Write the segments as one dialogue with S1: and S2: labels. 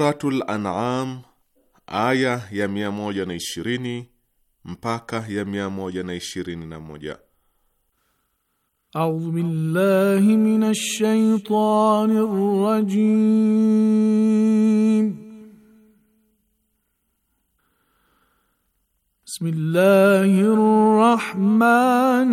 S1: Suratul An'am aya ya 120 mpaka ya 121. A'udhu
S2: billahi minash shaitanir rajim. بسم الله الرحمن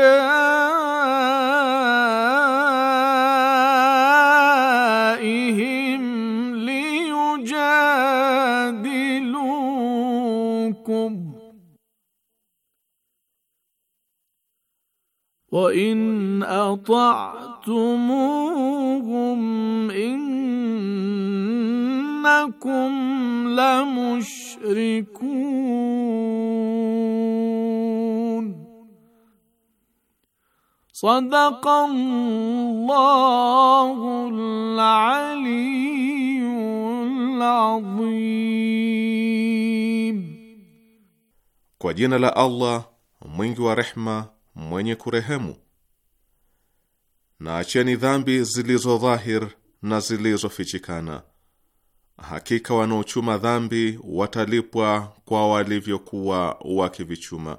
S2: آبائهم ليجادلوكم وإن أطعتموهم إنكم لمشركون Sadaqallahul Aliyyul
S1: Azim. Kwa jina la Allah mwingi wa rehma mwenye kurehemu. Na acheni dhambi zilizo dhahir na zilizofichikana. Hakika wanaochuma dhambi watalipwa kwa walivyokuwa wakivichuma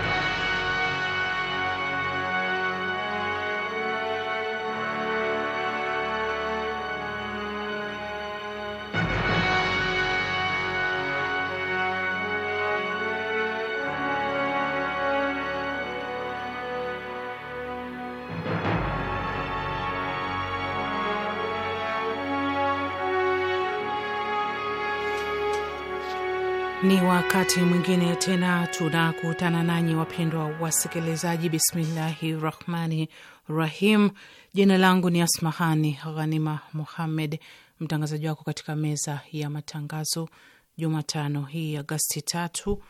S3: wakati mwingine tena tunakutana nanyi wapendwa wasikilizaji. Bismillahi rahmani rahim. Jina langu ni Asmahani Ghanima Muhammed, mtangazaji wako katika meza ya matangazo, Jumatano hii Agasti tatu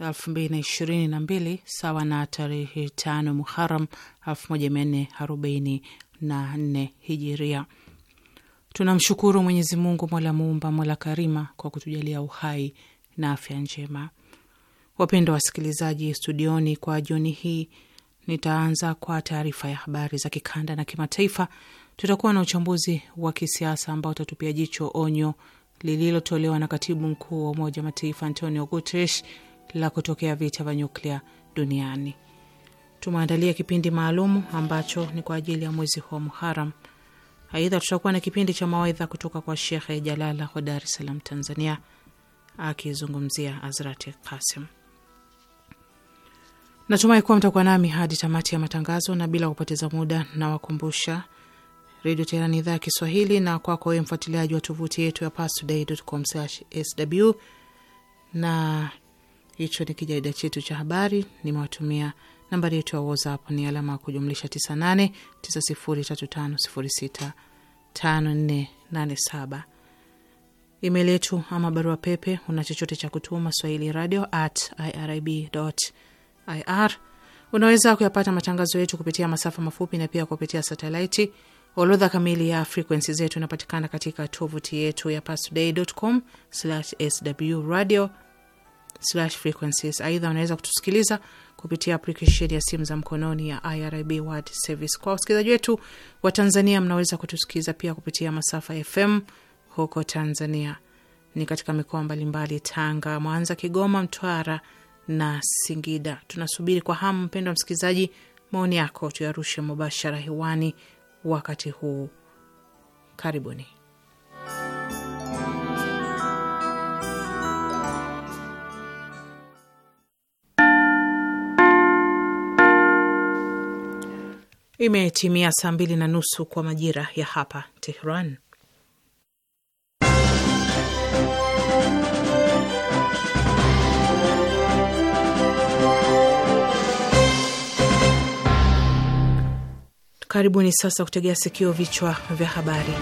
S3: elfu mbili na ishirini na mbili sawa na tarehe tano Muharam elfu moja mia nne arobaini na nne hijiria. Tunamshukuru Mwenyezi Mungu, mola muumba, mola karima kwa kutujalia uhai na afya njema. Wapendwa wasikilizaji, studioni kwa jioni hii nitaanza kwa taarifa ya habari za kikanda na kimataifa. Tutakuwa na uchambuzi wa kisiasa ambao utatupia jicho onyo lililotolewa na katibu mkuu wa Umoja wa Mataifa Antonio Guterres la kutokea vita vya nyuklia duniani. Tumeandalia kipindi maalumu ambacho ni kwa ajili ya mwezi wa Muharam. Aidha, tutakuwa na kipindi cha mawaidha kutoka kwa Shekhe Jalala wa Dar es Salaam, Tanzania akizungumzia Azrati Kasim. Natumai kuwa mtakuwa nami hadi tamati ya matangazo, na bila kupoteza muda nawakumbusha Redio Teheran idhaa ya Kiswahili, na kwako wewe mfuatiliaji wa tovuti yetu ya pastoday.com/sw, na hicho ni kijarida chetu cha habari. Nimewatumia nambari yetu ya WhatsApp ni alama ya kujumlisha 98 9035065487. Email yetu ama barua pepe, una chochote cha kutuma swahili radio at irib ir. Unaweza kuyapata matangazo yetu kupitia masafa mafupi na pia kupitia satelaiti. Orodha kamili ya frekuensi zetu inapatikana katika tovuti yetu ya pastoday.com sw radio frequencies. Aidha, unaweza kutusikiliza kupitia aplikesheni ya simu za mkononi ya IRIB World Service. Kwa wasikilizaji wetu wa Tanzania, mnaweza kutusikiliza pia kupitia masafa FM huko Tanzania ni katika mikoa mbalimbali: Tanga, Mwanza, Kigoma, Mtwara na Singida. Tunasubiri kwa hamu, mpendwa msikilizaji, maoni yako tuyarushe mubashara hewani wakati huu. Karibuni. Imetimia saa mbili na nusu kwa majira ya hapa Tehran. Karibuni sasa kutegea sikio vichwa vya habari.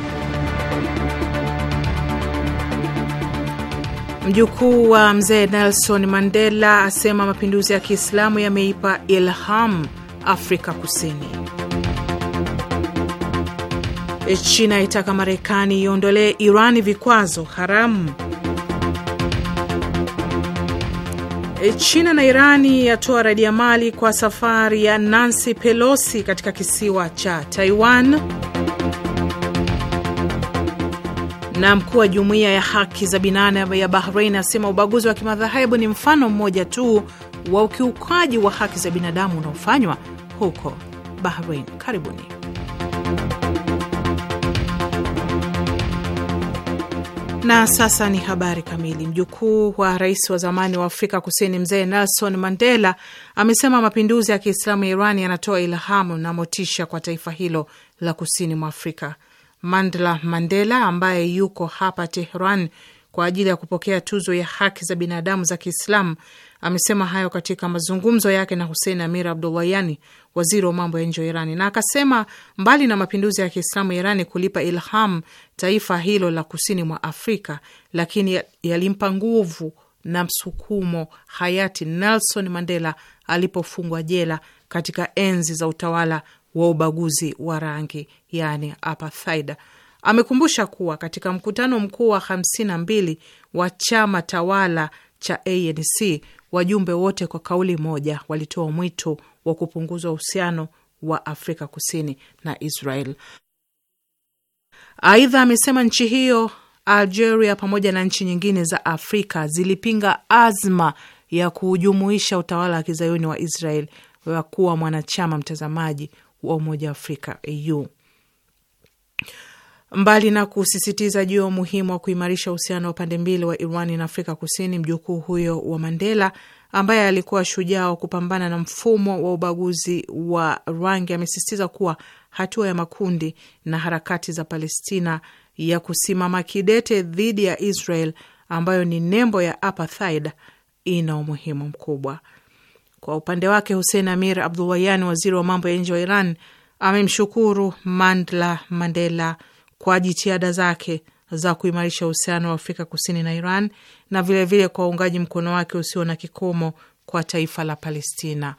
S3: Mjukuu wa mzee Nelson Mandela asema mapinduzi ya Kiislamu yameipa ilham Afrika Kusini. China itaka Marekani iondolee Irani vikwazo haramu E, China na Irani yatoa radiamali kwa safari ya Nancy Pelosi katika kisiwa cha Taiwan. Na mkuu wa jumuiya ya haki za binadamu ya Bahrain asema ubaguzi wa kimadhahebu ni mfano mmoja tu wa ukiukaji wa haki za binadamu unaofanywa huko Bahrain. Karibuni. Na sasa ni habari kamili. Mjukuu wa rais wa zamani wa Afrika Kusini mzee Nelson Mandela amesema mapinduzi ya Kiislamu ya Iran yanatoa ilhamu na motisha kwa taifa hilo la kusini mwa Afrika. Mandla Mandela ambaye yuko hapa Tehran kwa ajili ya kupokea tuzo ya haki za binadamu za Kiislamu amesema hayo katika mazungumzo yake na Hussein Amir Abdullahiani, waziri wa mambo ya nje wa Irani, na akasema mbali na mapinduzi ya Kiislamu ya Irani kulipa ilham taifa hilo la kusini mwa Afrika, lakini yalimpa nguvu na msukumo hayati Nelson Mandela alipofungwa jela katika enzi za utawala wa ubaguzi wa rangi, yani apartheid. Amekumbusha kuwa katika mkutano mkuu wa 52 wa chama tawala cha ANC wajumbe wote kwa kauli moja walitoa mwito wa kupunguzwa uhusiano wa Afrika Kusini na Israel. Aidha amesema nchi hiyo, Algeria pamoja na nchi nyingine za Afrika zilipinga azma ya kujumuisha utawala wa kizayuni wa Israel wa kuwa mwanachama mtazamaji wa Umoja wa Afrika, EU. Mbali na kusisitiza juu ya umuhimu wa kuimarisha uhusiano wa pande mbili wa Irani na Afrika Kusini, mjukuu huyo wa Mandela ambaye alikuwa shujaa wa kupambana na mfumo wa ubaguzi wa rangi amesisitiza kuwa hatua ya makundi na harakati za Palestina ya kusimama kidete dhidi ya Israel ambayo ni nembo ya apartheid ina umuhimu mkubwa. Kwa upande wake, Hussein Amir Abdullayan, waziri wa mambo ya nje wa Iran, amemshukuru Mandla Mandela kwa jitihada zake za kuimarisha uhusiano wa Afrika Kusini na Iran na vilevile vile kwa uungaji mkono wake usio na kikomo kwa taifa la Palestina.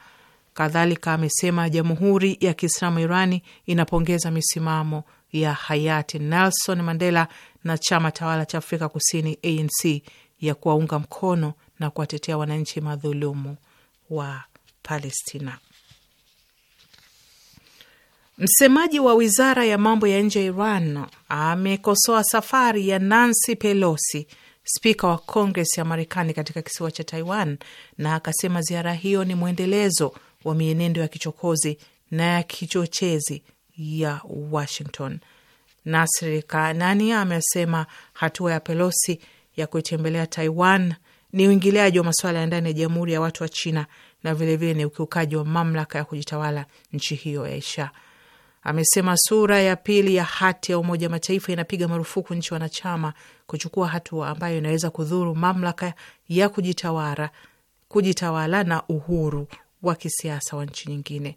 S3: Kadhalika amesema Jamhuri ya Kiislamu Irani inapongeza misimamo ya hayati Nelson Mandela na chama tawala cha Afrika Kusini ANC ya kuwaunga mkono na kuwatetea wananchi madhulumu wa Palestina. Msemaji wa wizara ya mambo ya nje ya Iran amekosoa safari ya Nancy Pelosi, spika wa Kongres ya Marekani, katika kisiwa cha Taiwan na akasema ziara hiyo ni mwendelezo wa mienendo ya kichokozi na ya kichochezi ya Washington. Nasri Kanani amesema hatua ya Pelosi ya kuitembelea Taiwan ni uingiliaji wa masuala ya ndani ya Jamhuri ya Watu wa China na vilevile ni ukiukaji wa mamlaka ya kujitawala nchi hiyo ya Asia amesema sura ya pili ya hati ya Umoja Mataifa inapiga marufuku nchi wanachama kuchukua hatua ambayo inaweza kudhuru mamlaka ya kujitawala, kujitawala na uhuru wa kisiasa wa nchi nyingine.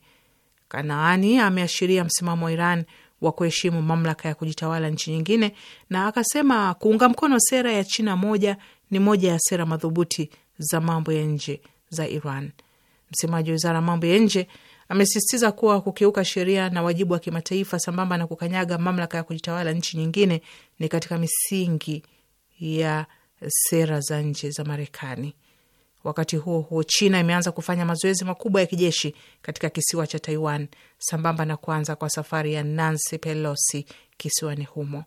S3: Kanaani ameashiria msimamo wa Iran wa kuheshimu mamlaka ya kujitawala nchi nyingine, na akasema kuunga mkono sera ya China moja ni moja ya sera madhubuti za mambo ya nje za Iran. Msemaji wa wizara ya mambo ya nje Amesisitiza kuwa kukiuka sheria na wajibu wa kimataifa sambamba na kukanyaga mamlaka ya kujitawala nchi nyingine ni katika misingi ya sera za nje za Marekani. Wakati huo huo, China imeanza kufanya mazoezi makubwa ya kijeshi katika kisiwa cha Taiwan sambamba na kuanza kwa safari ya Nancy Pelosi kisiwani humo.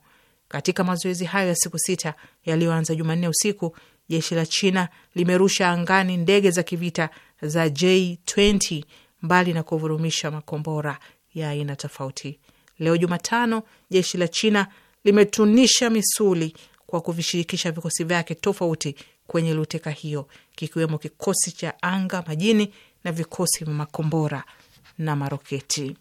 S3: Katika mazoezi hayo ya siku sita yaliyoanza Jumanne usiku, jeshi la China limerusha angani ndege za kivita za J20 mbali na kuvurumisha makombora ya aina tofauti. Leo Jumatano, jeshi la China limetunisha misuli kwa kuvishirikisha vikosi vyake tofauti kwenye luteka hiyo, kikiwemo kikosi cha anga, majini na vikosi vya makombora na maroketi.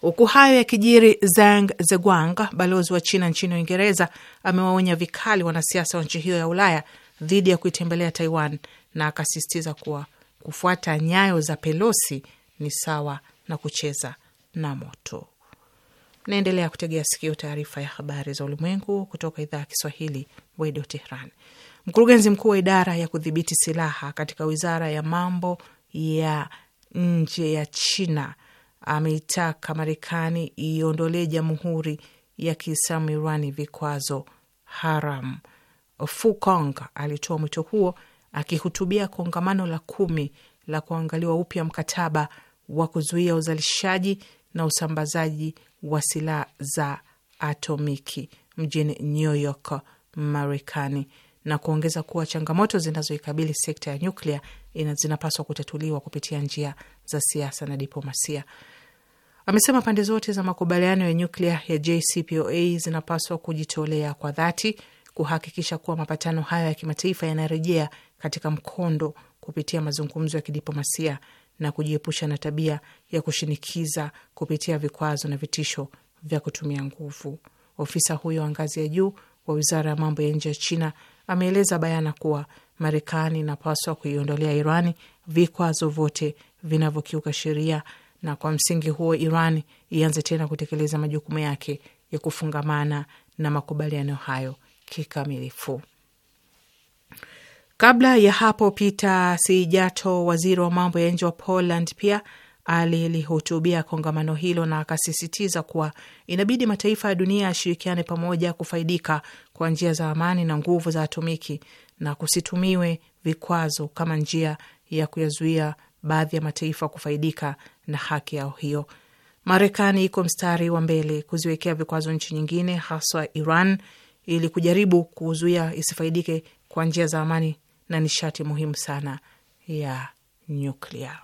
S3: Huku hayo ya kijiri, Zhang Zeguang, balozi wa China nchini Uingereza, amewaonya vikali wanasiasa wa nchi hiyo ya Ulaya dhidi ya kuitembelea Taiwan na akasisitiza kuwa kufuata nyayo za Pelosi ni sawa na kucheza na moto. Naendelea kutegea sikio taarifa ya habari za ulimwengu kutoka idhaa ya Kiswahili wedio Tehran. Mkurugenzi mkuu wa idara ya kudhibiti silaha katika wizara ya mambo ya nje ya China ameitaka Marekani iondolee jamhuri ya Kiislamu Irani vikwazo haram. Fu Kong alitoa mwito huo akihutubia kongamano la kumi la kuangaliwa upya mkataba wa kuzuia uzalishaji na usambazaji wa silaha za atomiki mjini New York, Marekani, na kuongeza kuwa changamoto zinazoikabili sekta ya nyuklia zinapaswa kutatuliwa kupitia njia za siasa na diplomasia. Amesema pande zote za makubaliano ya nyuklia ya JCPOA zinapaswa kujitolea kwa dhati kuhakikisha kuwa mapatano hayo ya kimataifa yanarejea katika mkondo kupitia mazungumzo ya kidiplomasia na kujiepusha na tabia ya kushinikiza kupitia vikwazo na vitisho vya kutumia nguvu. Ofisa huyo wa ngazi ya juu wa wizara ya mambo ya nje ya China ameeleza bayana kuwa Marekani inapaswa kuiondolea Irani vikwazo vyote vinavyokiuka sheria, na kwa msingi huo Iran ianze tena kutekeleza majukumu yake ya kufungamana na makubaliano hayo kikamilifu. Kabla ya hapo, Peter Sijato, waziri wa mambo ya nje wa Poland, pia alilihutubia kongamano hilo na akasisitiza kuwa inabidi mataifa ya dunia yashirikiane pamoja kufaidika kwa njia za amani na nguvu za atomiki na kusitumiwe vikwazo kama njia ya kuyazuia baadhi ya mataifa kufaidika na haki yao hiyo. Marekani iko mstari wa mbele kuziwekea vikwazo nchi nyingine, haswa Iran, ili kujaribu kuzuia isifaidike kwa njia za amani na nishati muhimu sana ya nyuklia.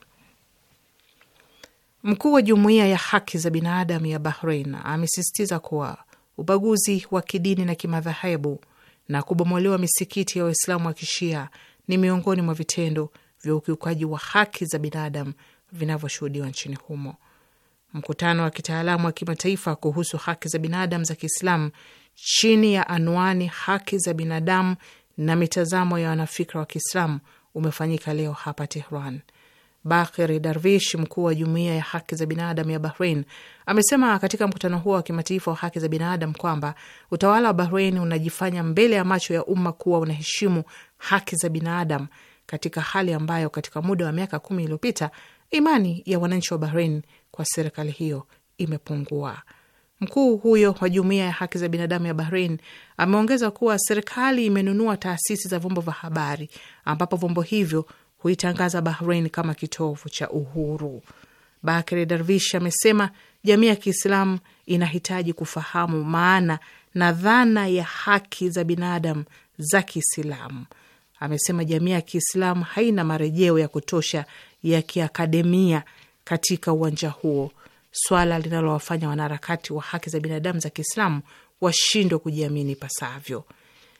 S3: Mkuu wa jumuiya ya haki za binadamu ya Bahrain amesisitiza kuwa ubaguzi wa kidini na kimadhahebu na kubomolewa misikiti ya Waislamu wa kishia ni miongoni mwa vitendo vya ukiukaji wa haki za binadamu vinavyoshuhudiwa nchini humo. Mkutano wa kitaalamu wa kimataifa kuhusu haki za binadamu za Kiislamu chini ya anwani haki za binadamu na mitazamo ya wanafikra wa Kiislamu umefanyika leo hapa Tehran. Bakir Darvish, mkuu wa jumuiya ya haki za binadamu ya Bahrain, amesema katika mkutano huo wa kimataifa wa haki za binadamu kwamba utawala wa Bahrain unajifanya mbele ya macho ya umma kuwa unaheshimu haki za binadamu katika hali ambayo katika muda wa miaka kumi iliyopita imani ya wananchi wa Bahrain kwa serikali hiyo imepungua. Mkuu huyo wa jumuiya ya haki za binadamu ya Bahrain ameongeza kuwa serikali imenunua taasisi za vyombo vya habari ambapo vyombo hivyo huitangaza Bahrain kama kitovu cha uhuru. Bakir Darvish amesema jamii ya Kiislamu inahitaji kufahamu maana na dhana ya haki za binadamu za Kiislamu. Amesema jamii ya Kiislamu haina marejeo ya kutosha ya kiakademia katika uwanja huo swala linalowafanya wanaharakati wa haki za binadamu za Kiislamu washindwe kujiamini pasavyo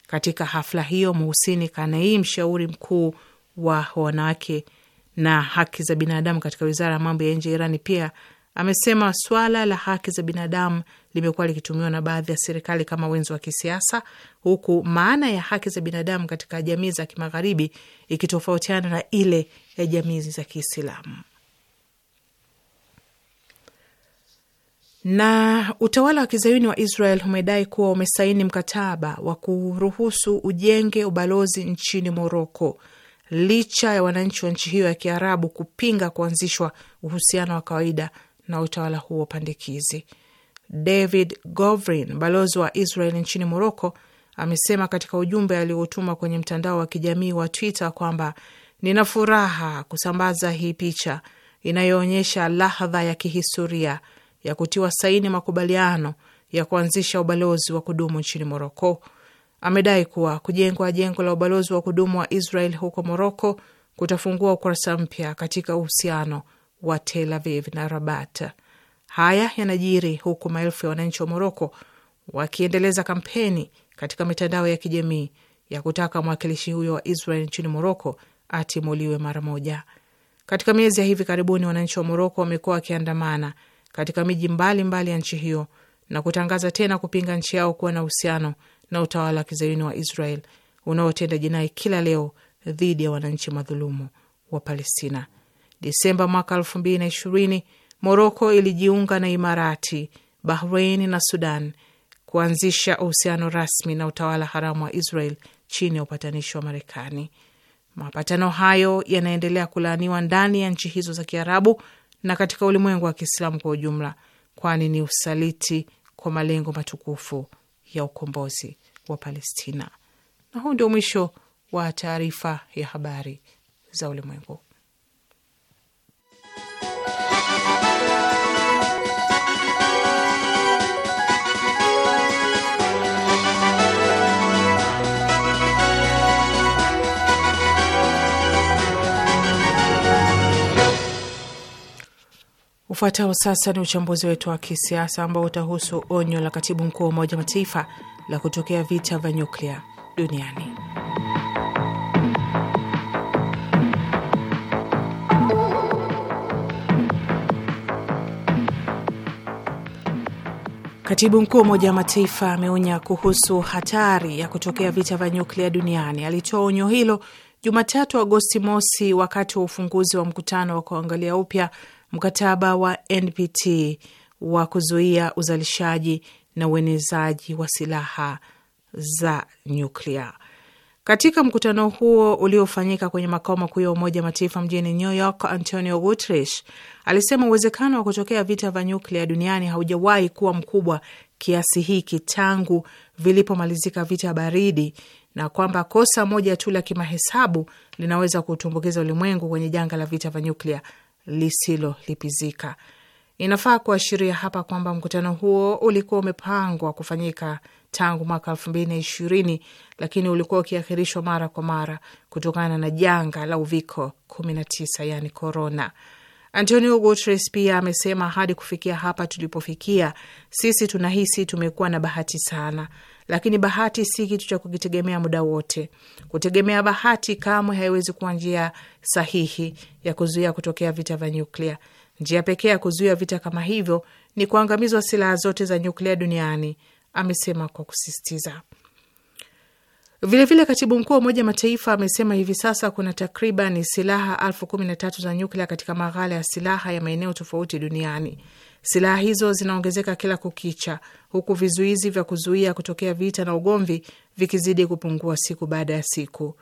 S3: Katika hafla hiyo, Muhusini kanai mshauri mkuu wa wanawake na haki za binadamu katika wizara ya mambo ya nje ya Irani, pia amesema swala la haki za binadamu limekuwa likitumiwa na baadhi ya serikali kama wenzo wa kisiasa, huku maana ya haki za binadamu katika jamii za kimagharibi ikitofautiana na ile ya jamii za Kiislamu. Na utawala wa kizayuni wa Israel umedai kuwa umesaini mkataba wa kuruhusu ujenge ubalozi nchini Moroko licha ya wananchi wa nchi hiyo ya kiarabu kupinga kuanzishwa uhusiano wa kawaida na utawala huo pandikizi. David Govrin, balozi wa Israel nchini Moroko, amesema katika ujumbe aliotuma kwenye mtandao wa kijamii wa Twitter kwamba nina furaha kusambaza hii picha inayoonyesha lahadha ya kihistoria ya kutiwa saini makubaliano ya kuanzisha ubalozi wa kudumu nchini Moroko. Amedai kuwa kujengwa jengo la ubalozi wa kudumu wa Israel huko Moroko kutafungua ukurasa mpya katika uhusiano wa Tel Aviv na Rabat. Haya yanajiri huku maelfu ya wananchi wa Moroko wakiendeleza kampeni katika mitandao ya kijamii ya kutaka mwakilishi huyo wa Israel nchini Moroko atimuliwe mara moja. Katika miezi ya hivi karibuni, wananchi wa Moroko wamekuwa wakiandamana katika miji mbalimbali ya nchi hiyo na kutangaza tena kupinga nchi yao kuwa na uhusiano na utawala wa kizayuni wa Israel unaotenda jinai kila leo dhidi ya wananchi madhulumu wa Palestina. Desemba mwaka elfu mbili na ishirini, Moroko ilijiunga na Imarati, Bahrain na Sudan kuanzisha uhusiano rasmi na utawala haramu wa Israel chini ya upatanishi wa Marekani. Mapatano hayo yanaendelea kulaaniwa ndani ya nchi hizo za Kiarabu na katika ulimwengu wa Kiislamu kwa ujumla, kwani ni usaliti kwa malengo matukufu ya ukombozi wa Palestina. Na huu ndio mwisho wa taarifa ya habari za ulimwengu. Ufuatao sasa ni uchambuzi wetu wa kisiasa ambao utahusu onyo la katibu mkuu wa Umoja Mataifa la kutokea vita vya nyuklia duniani. Katibu mkuu wa Umoja wa Mataifa ameonya kuhusu hatari ya kutokea vita vya nyuklia duniani. Alitoa onyo hilo Jumatatu, Agosti mosi, wakati wa ufunguzi wa mkutano wa kuangalia upya mkataba wa NPT wa kuzuia uzalishaji na uenezaji wa silaha za nyuklia. Katika mkutano huo uliofanyika kwenye makao makuu ya Umoja wa Mataifa mjini New York, Antonio Guterres alisema uwezekano wa kutokea vita vya nyuklia duniani haujawahi kuwa mkubwa kiasi hiki tangu vilipomalizika vita baridi, na kwamba kosa moja tu la kimahesabu linaweza kuutumbukiza ulimwengu kwenye janga la vita vya nyuklia lisilolipizika. Inafaa kuashiria hapa kwamba mkutano huo ulikuwa umepangwa kufanyika tangu mwaka elfu mbili na ishirini lakini ulikuwa ukiahirishwa mara kwa mara kutokana na janga la uviko 19 yani corona. Antonio Guterres pia amesema hadi kufikia hapa tulipofikia, sisi tunahisi tumekuwa na bahati sana lakini bahati si kitu cha kukitegemea muda wote. Kutegemea bahati kamwe haiwezi kuwa njia sahihi ya kuzuia kutokea vita vya nyuklia. Njia pekee ya kuzuia vita kama hivyo ni kuangamizwa silaha zote za nyuklia duniani, amesema kwa kusisitiza. Vilevile vile katibu mkuu wa Umoja wa Mataifa amesema hivi sasa kuna takriban silaha elfu kumi na tatu za nyuklia katika maghala ya silaha ya maeneo tofauti duniani. Silaha hizo zinaongezeka kila kukicha, huku vizuizi vya kuzuia kutokea vita na ugomvi vikizidi kupungua siku baada ya siku.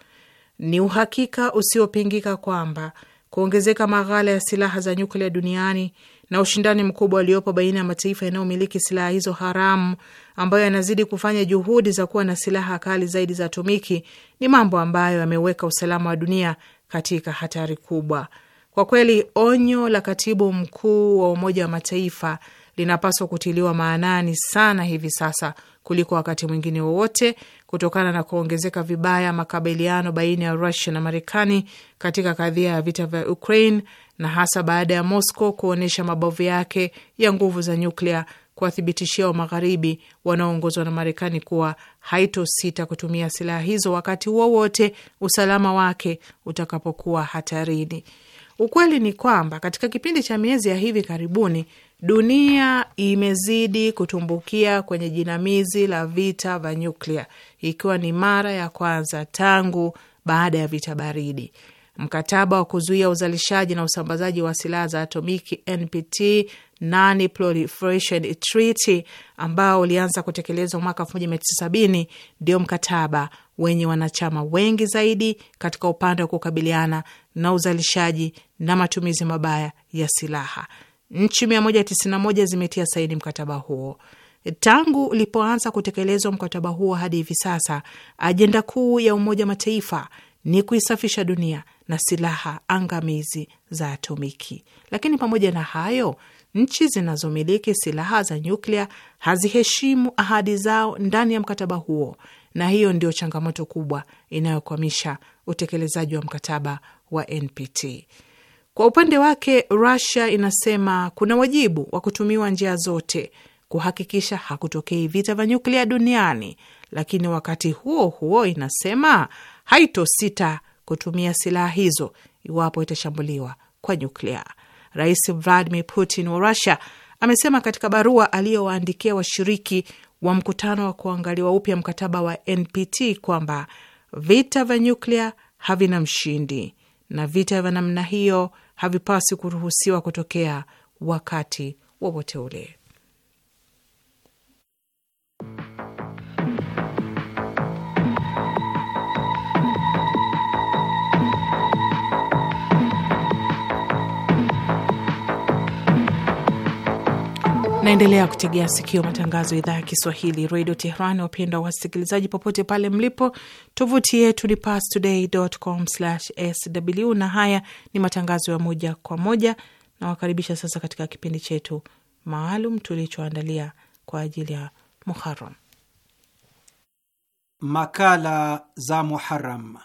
S3: Ni uhakika usiopingika kwamba kuongezeka maghala ya silaha za nyuklia duniani na ushindani mkubwa uliopo baina ya mataifa yanayomiliki silaha hizo haramu ambayo yanazidi kufanya juhudi za kuwa na silaha kali zaidi za atomiki ni mambo ambayo yameweka usalama wa dunia katika hatari kubwa. Kwa kweli onyo la katibu mkuu wa Umoja wa Mataifa linapaswa kutiliwa maanani sana hivi sasa kuliko wakati mwingine wowote, kutokana na kuongezeka vibaya makabiliano baina ya Rusia na Marekani katika kadhia ya vita vya Ukraine, na hasa baada ya Moscow kuonyesha mabavu yake ya nguvu za nyuklia kuwathibitishia wa magharibi wanaoongozwa na Marekani kuwa haitosita kutumia silaha hizo wakati wowote usalama wake utakapokuwa hatarini. Ukweli ni kwamba katika kipindi cha miezi ya hivi karibuni dunia imezidi kutumbukia kwenye jinamizi la vita vya nyuklia, ikiwa ni mara ya kwanza tangu baada ya vita baridi. Mkataba wa kuzuia uzalishaji na usambazaji wa silaha za atomiki NPT Non Proliferation Treaty ambao ulianza kutekelezwa mwaka 1970 ndio mkataba wenye wanachama wengi zaidi katika upande wa kukabiliana na uzalishaji na matumizi mabaya ya silaha. Nchi 191 zimetia saini mkataba huo. Tangu ulipoanza kutekelezwa mkataba huo hadi hivi sasa, ajenda kuu ya Umoja Mataifa ni kuisafisha dunia na silaha angamizi za atomiki. Lakini pamoja na hayo, nchi zinazomiliki silaha za nyuklia haziheshimu ahadi zao ndani ya mkataba huo, na hiyo ndio changamoto kubwa inayokwamisha utekelezaji wa mkataba wa NPT. Kwa upande wake, Russia inasema kuna wajibu wa kutumiwa njia zote kuhakikisha hakutokei vita vya nyuklia duniani, lakini wakati huo huo inasema haitosita kutumia silaha hizo iwapo itashambuliwa kwa nyuklia. Rais Vladimir Putin wa Rusia amesema katika barua aliyowaandikia washiriki wa mkutano wa kuangaliwa upya mkataba wa NPT kwamba vita vya nyuklia havina mshindi na vita vya namna hiyo havipasi kuruhusiwa kutokea wakati wowote ule. Naendelea kutegea sikio matangazo ya idhaa ya Kiswahili redio Tehran. Wapenda wasikilizaji popote pale mlipo, tovuti yetu ni pastoday.com/sw, na haya ni matangazo ya moja kwa moja. Nawakaribisha sasa katika kipindi chetu maalum tulichoandalia kwa ajili ya Muharam,
S4: makala za Muharam.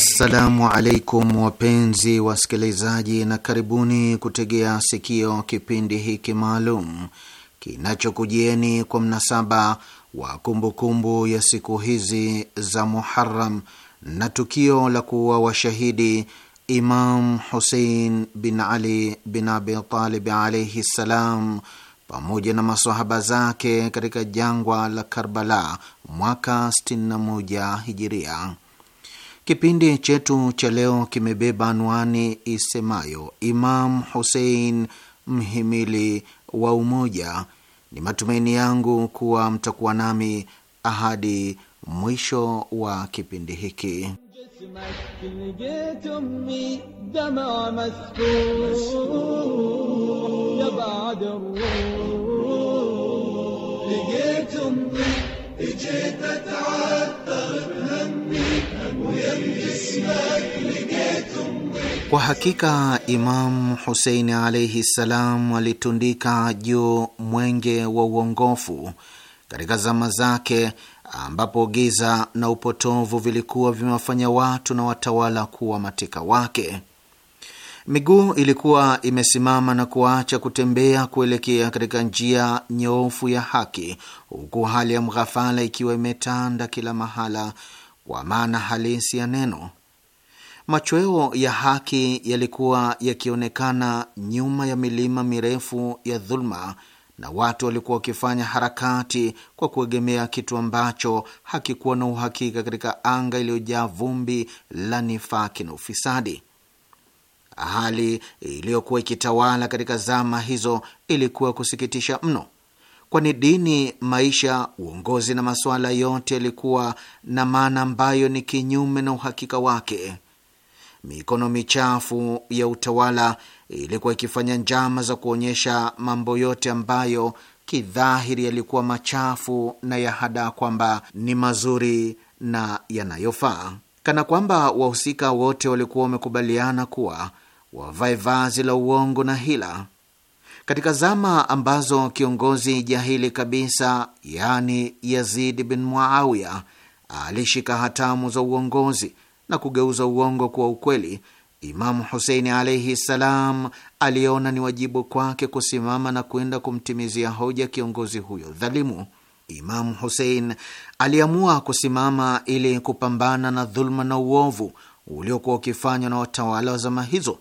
S5: Assalamu alaikum wapenzi wasikilizaji, na karibuni kutegea sikio kipindi hiki maalum kinachokujieni kwa mnasaba wa kumbukumbu kumbu ya siku hizi za muharam na tukio la kuwa washahidi Imam Husein bin Ali bin Abi Talib alaihi ssalam pamoja na masahaba zake katika jangwa la Karbala mwaka 61 hijiria. Kipindi chetu cha leo kimebeba anwani isemayo Imam Husein, mhimili wa umoja. Ni matumaini yangu kuwa mtakuwa nami ahadi mwisho wa kipindi hiki. Kwa hakika Imamu husein alaihi ssalam alitundika juu mwenge wa uongofu katika zama zake, ambapo giza na upotovu vilikuwa vimewafanya watu na watawala kuwa mateka wake. Miguu ilikuwa imesimama na kuacha kutembea kuelekea katika njia nyoofu ya haki, huku hali ya mghafala ikiwa imetanda kila mahala, kwa maana halisi ya neno. Machweo ya haki yalikuwa yakionekana nyuma ya milima mirefu ya dhuluma, na watu walikuwa wakifanya harakati kwa kuegemea kitu ambacho hakikuwa na uhakika katika anga iliyojaa vumbi la nifaki na ufisadi. Hali iliyokuwa ikitawala katika zama hizo ilikuwa kusikitisha mno, kwani dini, maisha, uongozi na masuala yote yalikuwa na maana ambayo ni kinyume na uhakika wake mikono michafu ya utawala ilikuwa ikifanya njama za kuonyesha mambo yote ambayo kidhahiri yalikuwa machafu na ya hadaa kwamba ni mazuri na yanayofaa, kana kwamba wahusika wote walikuwa wamekubaliana kuwa wavae vazi la uongo na hila. Katika zama ambazo kiongozi jahili kabisa, yani Yazidi bin Muawiya, alishika hatamu za uongozi na kugeuza uongo kuwa ukweli, Imamu Huseini alaihi ssalam aliona ni wajibu kwake kusimama na kwenda kumtimizia hoja kiongozi huyo dhalimu. Imamu Husein aliamua kusimama ili kupambana na dhuluma na uovu uliokuwa ukifanywa na watawala wa zama hizo,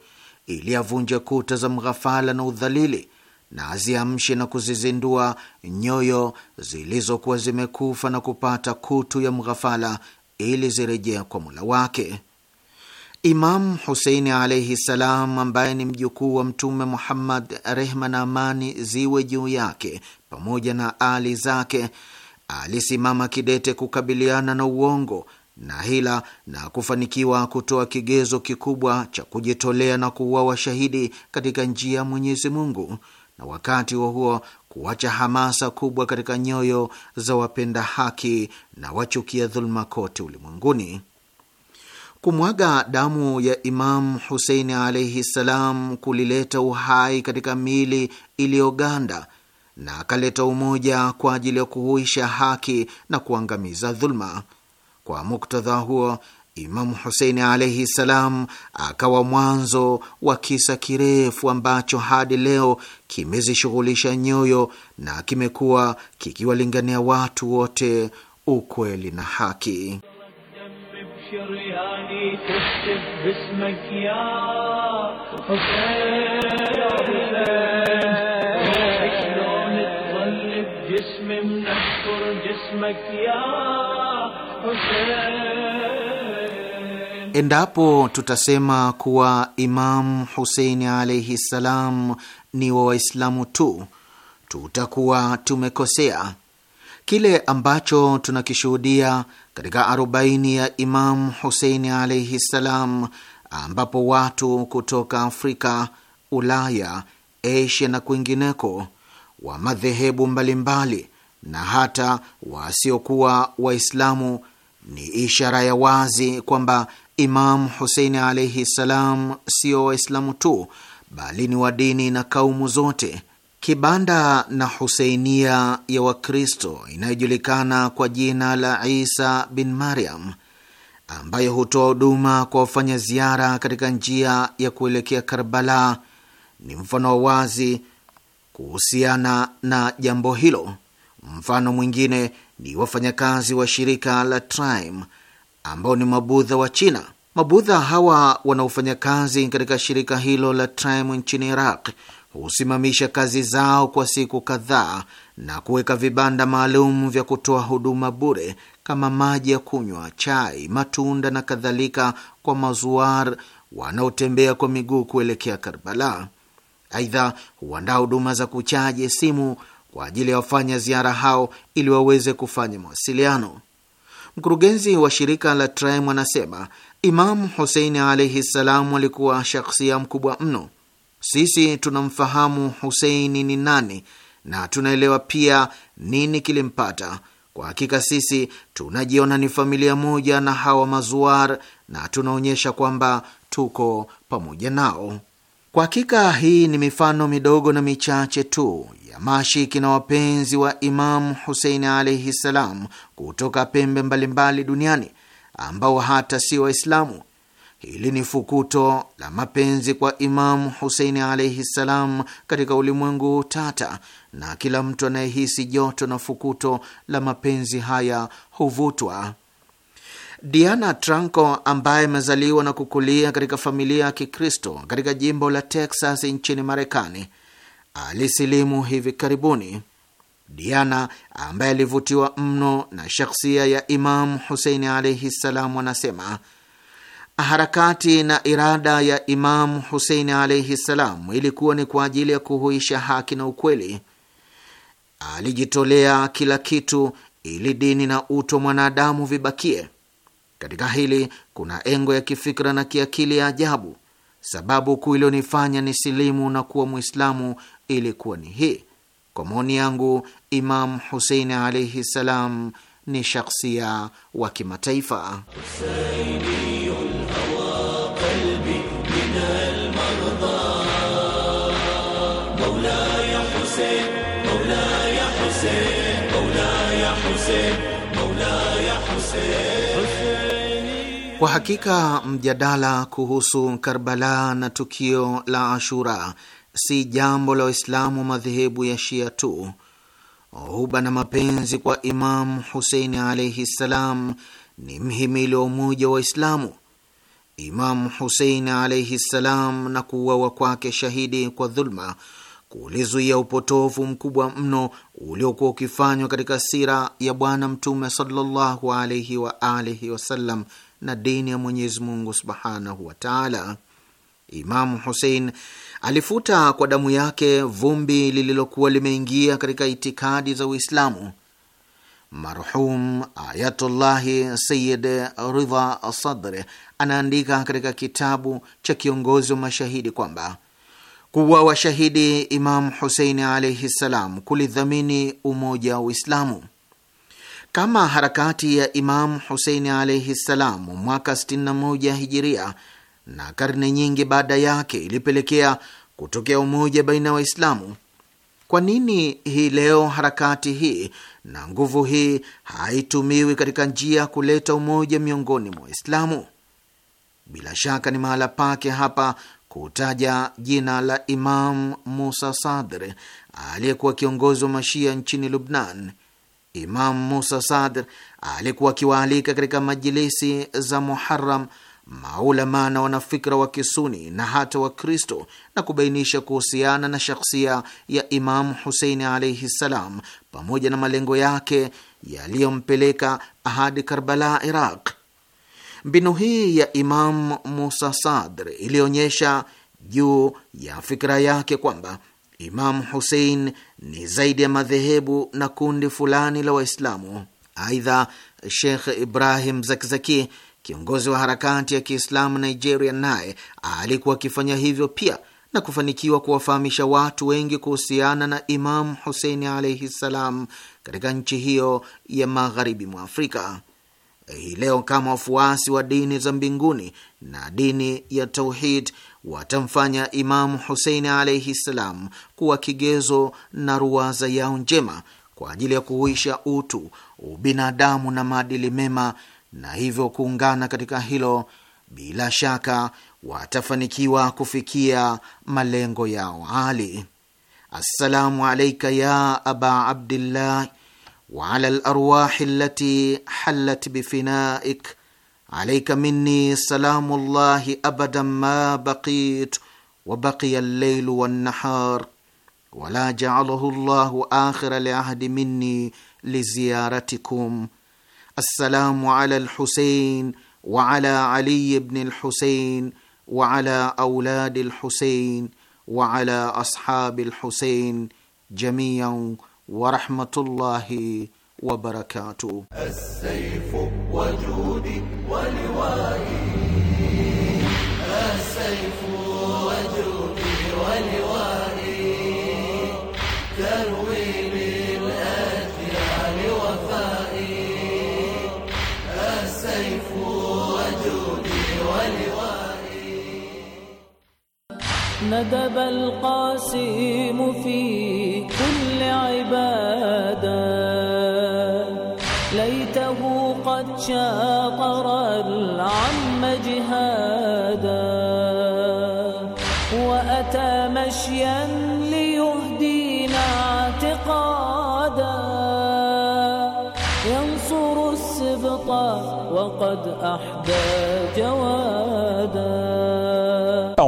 S5: ili avunje kuta za mghafala na udhalili na aziamshe na kuzizindua nyoyo zilizokuwa zimekufa na kupata kutu ya mghafala ili zirejea kwa mula wake. Imamu Huseini alaihi salam, ambaye ni mjukuu wa Mtume Muhammad, rehma na amani ziwe juu yake, pamoja na ali zake, alisimama kidete kukabiliana na uongo na hila na kufanikiwa kutoa kigezo kikubwa cha kujitolea na kuuawa shahidi katika njia ya Mwenyezi Mungu, na wakati huo huo kuacha hamasa kubwa katika nyoyo za wapenda haki na wachukia dhuluma kote ulimwenguni. Kumwaga damu ya Imamu Huseini alaihi ssalam kulileta uhai katika mili iliyoganda na akaleta umoja kwa ajili ya kuhuisha haki na kuangamiza dhuluma. Kwa muktadha huo Imamu Huseini alaihi ssalam akawa mwanzo wa kisa kirefu ambacho hadi leo kimezishughulisha nyoyo na kimekuwa kikiwalingania watu wote ukweli na haki. Endapo tutasema kuwa Imamu Huseini alaihi ssalam ni wa Waislamu tu, tutakuwa tumekosea. Kile ambacho tunakishuhudia katika arobaini ya Imamu Huseini alaihi ssalam, ambapo watu kutoka Afrika, Ulaya, Asia na kwingineko wa madhehebu mbalimbali na hata wasiokuwa Waislamu ni ishara ya wazi kwamba imam Huseini alaihi ssalam sio Waislamu tu bali ni wa dini na kaumu zote. Kibanda na huseinia ya Wakristo inayojulikana kwa jina la Isa bin Mariam, ambayo hutoa huduma kwa wafanya ziara katika njia ya kuelekea Karbala, ni mfano wa wazi kuhusiana na jambo hilo. Mfano mwingine ni wafanyakazi wa shirika la Time ambao ni mabudha wa China. Mabudha hawa wanaofanya kazi katika shirika hilo la Time nchini Iraq husimamisha kazi zao kwa siku kadhaa na kuweka vibanda maalum vya kutoa huduma bure kama maji ya kunywa, chai, matunda na kadhalika kwa mazuar wanaotembea kwa miguu kuelekea Karbala. Aidha, huandaa huduma za kuchaji simu kwa ajili ya wafanya ziara hao ili waweze kufanya mawasiliano. Mkurugenzi wa shirika la trim anasema Imamu Huseini alaihi ssalam alikuwa shakhsia mkubwa mno. Sisi tunamfahamu Huseini ni nani na tunaelewa pia nini kilimpata. Kwa hakika sisi tunajiona ni familia moja na hawa Mazuar na tunaonyesha kwamba tuko pamoja nao. Kwa hakika hii ni mifano midogo na michache tu ya mashiki na wapenzi wa Imamu Huseini alaihi ssalam kutoka pembe mbalimbali duniani ambao hata si Waislamu. Hili ni fukuto la mapenzi kwa Imamu Huseini alaihi ssalam katika ulimwengu tata, na kila mtu anayehisi joto na fukuto la mapenzi haya huvutwa. Diana Tranko ambaye amezaliwa na kukulia katika familia ya Kikristo katika jimbo la Texas nchini Marekani alisilimu hivi karibuni. Diana ambaye alivutiwa mno na shakhsia ya Imamu Huseini alaihi ssalam, anasema harakati na irada ya Imamu Huseini alaihi ssalam ilikuwa ni kwa ajili ya kuhuisha haki na ukweli. Alijitolea kila kitu ili dini na uto mwanadamu vibakie. Katika hili kuna engo ya kifikra na kiakili ya ajabu. Sababu kuu iliyonifanya nisilimu na kuwa Mwislamu ilikuwa ni hii: kwa maoni yangu, Imam Husein alaihi ssalam ni shakhsia wa kimataifa. Kwa hakika mjadala kuhusu Karbala na tukio la Ashura si jambo la Waislamu madhehebu ya Shia tu. Huba na mapenzi kwa Imamu husein alaihi ssalam ni mhimili wa umoja wa Waislamu. Imamu husein alaihi ssalam na kuuawa kwake shahidi kwa dhulma kulizuia upotofu mkubwa mno uliokuwa ukifanywa katika sira ya Bwana Mtume sallallahu alaihi wa alihi wasallam na dini ya Mwenyezi Mungu subhanahu wataala. Imamu Husein Alifuta kwa damu yake vumbi lililokuwa limeingia katika itikadi za Uislamu. Marhum Ayatullahi Sayid Ridha Sadr anaandika katika kitabu cha Kiongozi wa Mashahidi kwamba kuwa washahidi Imamu husein alaihi ssalam kulidhamini umoja wa Uislamu. Kama harakati ya Imamu Huseini alaihi ssalam mwaka 61 hijiria na karne nyingi baada yake ilipelekea kutokea umoja baina ya Waislamu. Kwa nini hii leo harakati hii na nguvu hii haitumiwi katika njia ya kuleta umoja miongoni mwa Waislamu? Bila shaka ni mahala pake hapa kutaja jina la Imam Musa Sadr aliyekuwa kiongozi wa Mashia nchini Lubnan. Imam Musa Sadr alikuwa akiwaalika katika majilisi za Muharam maulama na wanafikra wa Kisuni na hata Wakristo na kubainisha kuhusiana na shakhsia ya Imamu Huseini alaihi ssalam, pamoja na malengo yake yaliyompeleka hadi Karbala, Iraq. Mbinu hii ya Imamu Musa Sadr ilionyesha juu ya fikra yake kwamba Imamu Husein ni zaidi ya madhehebu na kundi fulani la Waislamu. Aidha, Shekh Ibrahim Zakzaki Kiongozi wa harakati ya Kiislamu Nigeria naye alikuwa akifanya hivyo pia na kufanikiwa kuwafahamisha watu wengi kuhusiana na Imamu Huseini alaihi ssalam katika nchi hiyo ya magharibi mwa Afrika. Hii leo kama wafuasi wa dini za mbinguni na dini ya tauhid watamfanya Imamu Huseini alaihi ssalam kuwa kigezo na ruwaza yao njema kwa ajili ya kuhuisha utu, ubinadamu na maadili mema na hivyo kuungana katika hilo, bila shaka watafanikiwa kufikia malengo yao ali. Assalamu alaika ya aba Abdillah wa ala larwahi lati halat bifinaik alaika minni salamu llahi abadan ma baqit wa baqiya lleilu wannahar wala jaalahu llahu akhira liahdi minni liziaratikum السلام على الحسين وعلى علي بن الحسين وعلى اولاد الحسين وعلى اصحاب الحسين جميعا ورحمه الله وبركاته
S6: السيف وجودي ولوائي
S2: ندب القاسم في كل عبادة ليته قد شاطر العم جهادا وأتى مشيا ليهدينا اعتقادا ينصر السبط وقد أحدى جوادا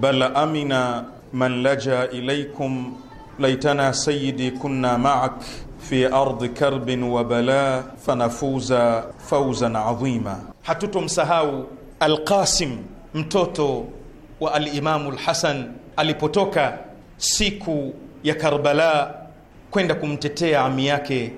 S1: bal amina man laja ilaykum laitana sayyidi kunna ma'ak fi ardi karbin wa bala fanafuza fawzan adhima. Hatutomsahau Alqasim mtoto wa Alimamu Lhasan alipotoka siku ya Karbala kwenda kumtetea ami yake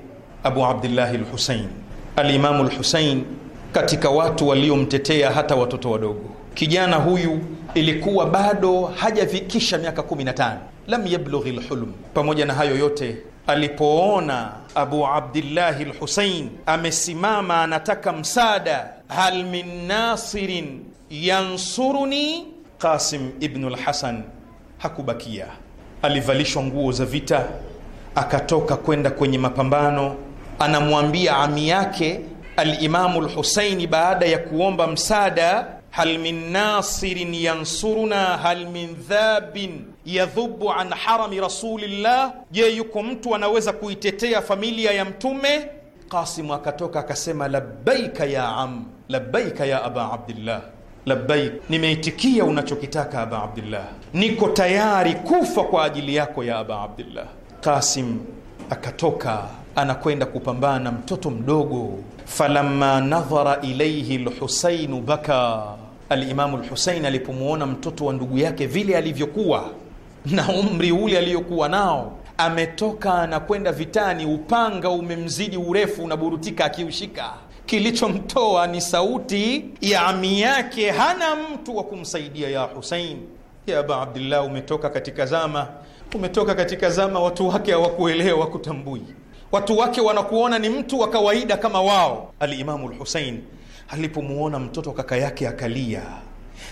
S1: Abu Abdillahi Lhusain. Alimamu Lhusain katika watu waliomtetea hata watoto wadogo. Kijana huyu ilikuwa bado hajafikisha miaka 15, lam yablughi lhulm. Pamoja na hayo yote, alipoona Abu Abdillahi Lhusain amesimama anataka msaada, hal min nasirin yansuruni, Qasim ibnu Lhasan hakubakia. Alivalishwa nguo za vita, akatoka kwenda kwenye mapambano. Anamwambia ami yake Alimamu Lhusaini baada ya kuomba msaada hal min nasirin yansuruna hal min dhabin yadhubu an harami rasulillah, je, yuko mtu anaweza kuitetea familia ya Mtume? Qasim akatoka akasema, labbaika ya am, labbaika ya aba abdillah Labbaik, nimeitikia unachokitaka aba Abdillah, niko tayari kufa kwa ajili yako ya aba Abdillah. Qasim akatoka anakwenda kupambana mtoto mdogo. falamma nadhara ilayhi lhusainu bakaa Alimamu Lhusein alipomwona mtoto wa ndugu yake vile alivyokuwa na umri ule aliyokuwa nao, ametoka na kwenda vitani, upanga umemzidi urefu, unaburutika akiushika. Kilichomtoa ni sauti ya ami yake, hana mtu wa kumsaidia. Ya Husein, ya Aba Abdillah, umetoka katika zama, umetoka katika zama watu wake hawakuelewa, wakutambui. Watu wake wanakuona ni mtu wa kawaida kama wao. Alimamu Lhusein alipomwona mtoto kaka yake akalia,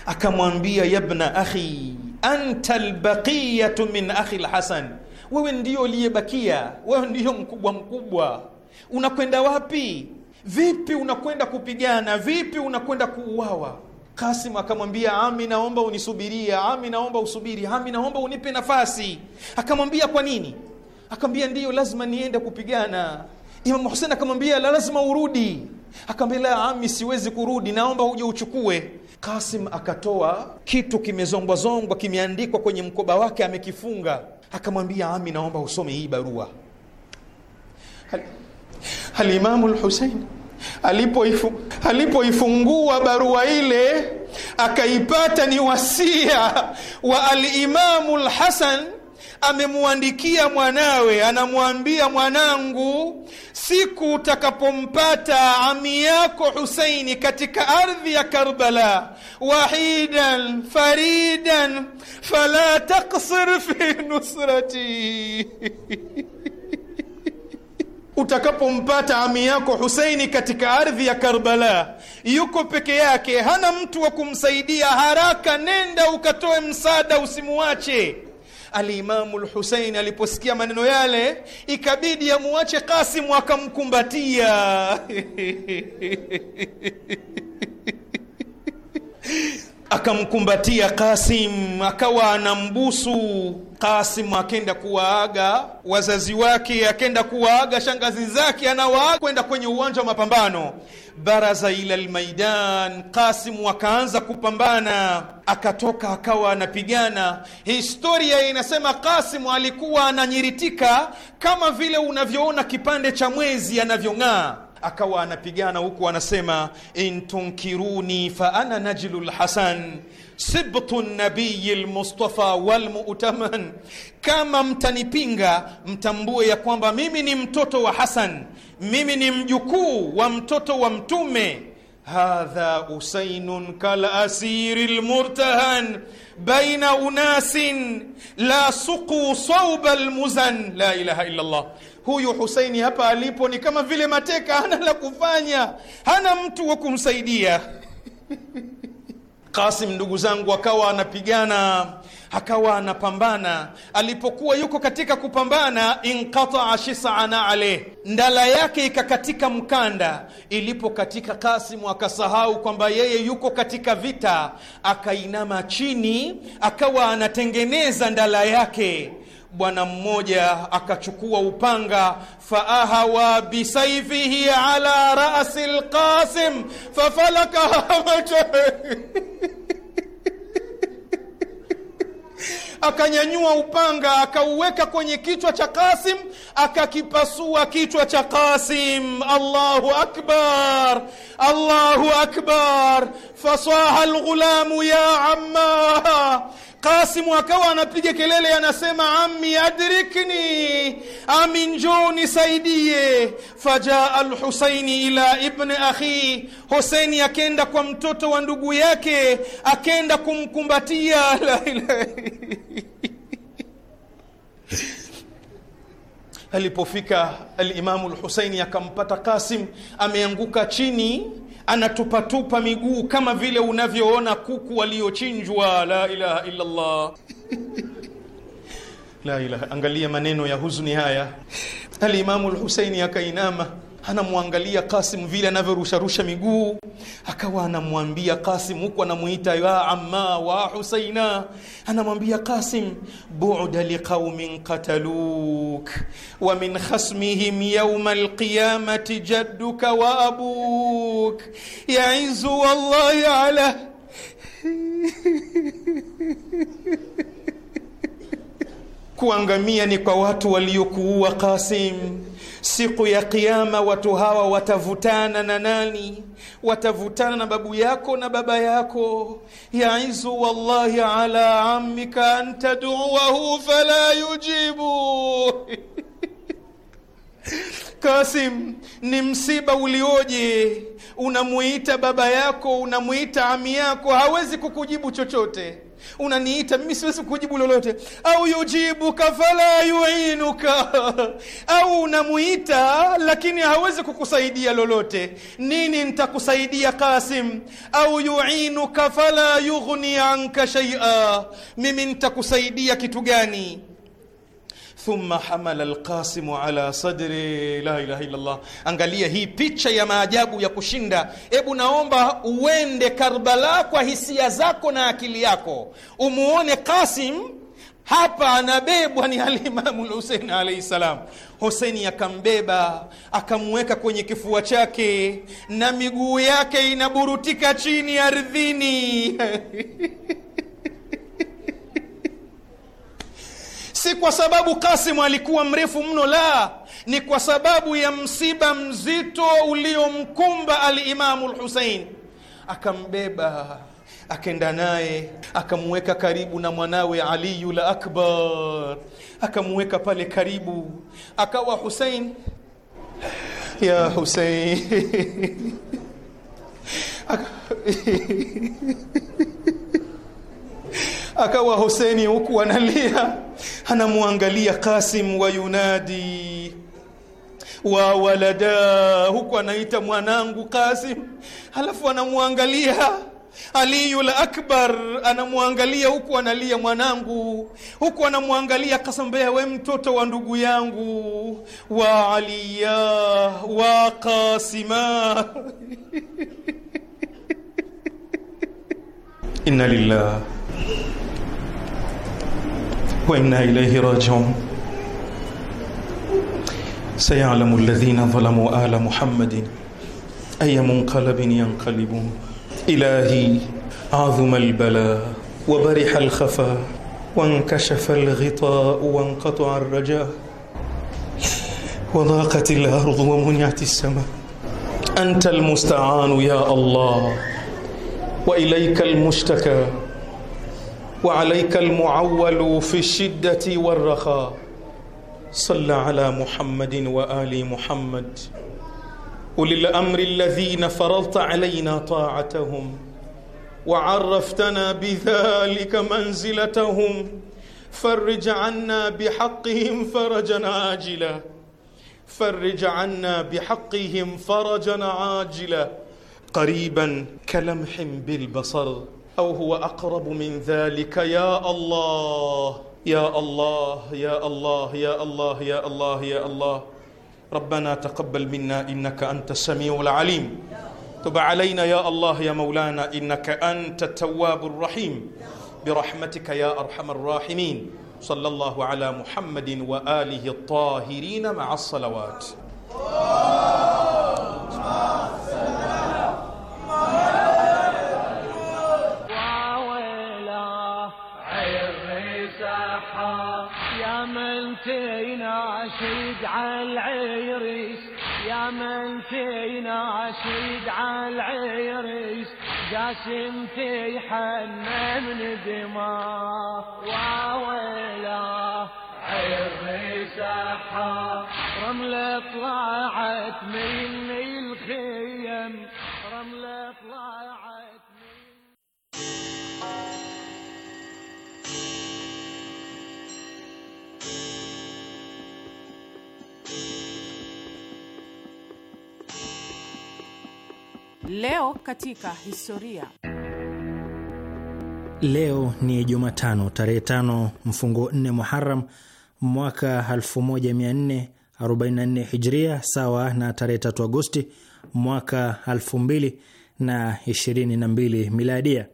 S1: akamwambia yabna akhi anta lbaqiyatu min akhi lhasan, wewe ndio uliyebakia, wewe ndio mkubwa mkubwa. Unakwenda wapi? Vipi unakwenda kupigana? Vipi unakwenda kuuawa? Kasim akamwambia ami, naomba unisubiria. Ami, naomba usubiri. Ami, naomba unipe nafasi. Akamwambia kwa nini? Akamwambia ndiyo, lazima niende kupigana. Imamu Husein akamwambia la, lazima urudi. Akamwambia la ami, siwezi kurudi, naomba uje uchukue. Kasim akatoa kitu kimezongwazongwa, kimeandikwa kwenye mkoba wake, amekifunga. Akamwambia ami, naomba usome hii barua. Alimamu Lhusein alipoifungua alipo barua ile, akaipata ni wasia wa Alimamu Lhasan amemwandikia mwanawe, anamwambia mwanangu, siku utakapompata ami yako Husaini katika ardhi ya Karbala, wahidan faridan fala taksir fi nusrati Utakapompata ami yako Husaini katika ardhi ya Karbala, yuko peke yake, hana mtu wa kumsaidia, haraka nenda ukatoe msaada, usimuache. Alimamu Lhusein aliposikia maneno yale, ikabidi amuache Kasimu akamkumbatia akamkumbatia Kasim, akawa anambusu Kasim. Akenda kuwaaga wazazi wake, akenda kuwaaga shangazi zake, anawaaga kwenda kwenye uwanja wa mapambano, baraza ila lmaidan. Kasim akaanza kupambana, akatoka akawa anapigana. Historia inasema Kasim alikuwa ananyiritika kama vile unavyoona kipande cha mwezi anavyong'aa akawa anapigana huku anasema, intunkiruni fa ana najlu lhasan sibtu nabiyi lmustafa walmutaman, kama mtanipinga mtambue ya kwamba mimi ni mtoto wa Hasan, mimi ni mjukuu wa mtoto wa Mtume. Hadha usainun kalasiri lmurtahan baina unasin la suquu sauba lmuzan. La ilaha illa Allah huyu Husaini hapa alipo ni kama vile mateka, hana la kufanya, hana mtu wa kumsaidia Kasim, ndugu zangu, akawa anapigana, akawa anapambana. Alipokuwa yuko katika kupambana, inqataa shisana aleh, ndala yake ikakatika mkanda. Ilipokatika, Qasim akasahau kwamba yeye yuko katika vita, akainama chini, akawa anatengeneza ndala yake bwana mmoja akachukua upanga, faahawa bisaifihi ala rasi lqasim fafalaka hamata akanyanyua upanga akauweka kwenye kichwa cha Kasim akakipasua kichwa cha Kasim. Allahu akbar, Allahu akbar. Fasaha lghulamu ya amma Kasimu akawa anapiga kelele, anasema ammi adrikni, ami njoo nisaidie. Fajaa alhusaini ila ibni akhi, Husaini akenda kwa mtoto wa ndugu yake, akenda kumkumbatia. alipofika alimamu lhusaini akampata Kasim ameanguka chini anatupatupa miguu kama vile unavyoona kuku waliochinjwa. La ilaha illa Allah. La ilaha. Angalia maneno ya huzuni haya. Alimamu Lhuseini akainama anamwangalia Kasim vile anavyorusharusha miguu, akawa anamwambia Kasim, huku anamuita ya amma wa Husaina, anamwambia Kasim, bu'da liqaumin qataluk wa min khasmihim yawma alqiyamati jadduka wa abuk yaizu wallahi ala kuangamia ni kwa watu waliokuua Kasim. Siku ya Kiama watu hawa watavutana na nani? Watavutana na babu yako na baba yako. Yaizu wallahi ala amika an taduahu fala yujibu Kasim, ni msiba ulioje! Unamuita baba yako, unamuita ami yako, hawezi kukujibu chochote unaniita mimi siwezi kujibu lolote au yujibuka fala yuinuka au unamuita lakini hawezi kukusaidia lolote nini ntakusaidia Kasim au yuinuka fala yughni anka shaia mimi ntakusaidia kitu gani thumma hamala alqasimu ala sadri la ilaha illa Allah. Angalia hii picha ya maajabu ya kushinda. Ebu naomba uende Karbala kwa hisia zako na akili yako, umuone Qasim hapa anabebwa ni alimamu Lhusein alaihi salam. Huseini akambeba akamweka kwenye kifua chake na miguu yake inaburutika chini ardhini si kwa sababu Kasimu alikuwa mrefu mno, la, ni kwa sababu ya msiba mzito uliomkumba Alimamu Lhusein. Akambeba, akenda naye, akamweka karibu na mwanawe aliyu l Akbar, akamweka pale karibu, akawa Husein ya Husein akawa Huseni huku analia, anamwangalia Kasim wa yunadi wa walada, huku anaita mwanangu Kasim, halafu anamwangalia Aliyul Akbar anamwangalia huku analia mwanangu, huku anamwangalia Kasambea, we mtoto wa ndugu yangu wa Aliya wa Kasima. Inna lillah وإنا إليه راجعون سيعلم الذين ظلموا آل محمد أي منقلب ينقلبون إلهي عظم البلاء وبرح الخفاء وانكشف الغطاء وانقطع الرجاء وضاقت الأرض ومنعت السماء أنت المستعان يا الله وإليك المشتكى وعليك المعول في الشدة والرخاء صل على محمد وآل محمد أولي الأمر الذين فرضت علينا طاعتهم وعرفتنا بذلك منزلتهم فرج عنا بحقهم فرجا عاجلا فرج عنا بحقهم فرجا عاجلا قريبا كلمح بالبصر أو هو أقرب من ذلك يا الله يا الله يا الله يا الله يا الله يا الله ربنا تقبل منا إنك أنت السميع العليم تب علينا يا الله يا مولانا إنك أنت التواب الرحيم برحمتك يا أرحم الراحمين صلى الله على محمد وآله الطاهرين مع الصلوات
S2: من فينا عشيد العريس يا من فينا عشيد العريس جاسم في حمام دماء وويلا عيريس أحا رملة طلعت من الخيم رملة
S6: طلعت
S3: Leo katika historia.
S4: Leo ni Jumatano tarehe tano mfungo 4 Muharam mwaka 1444 Hijria, sawa na tarehe 3 Agosti mwaka 2022 Miladia.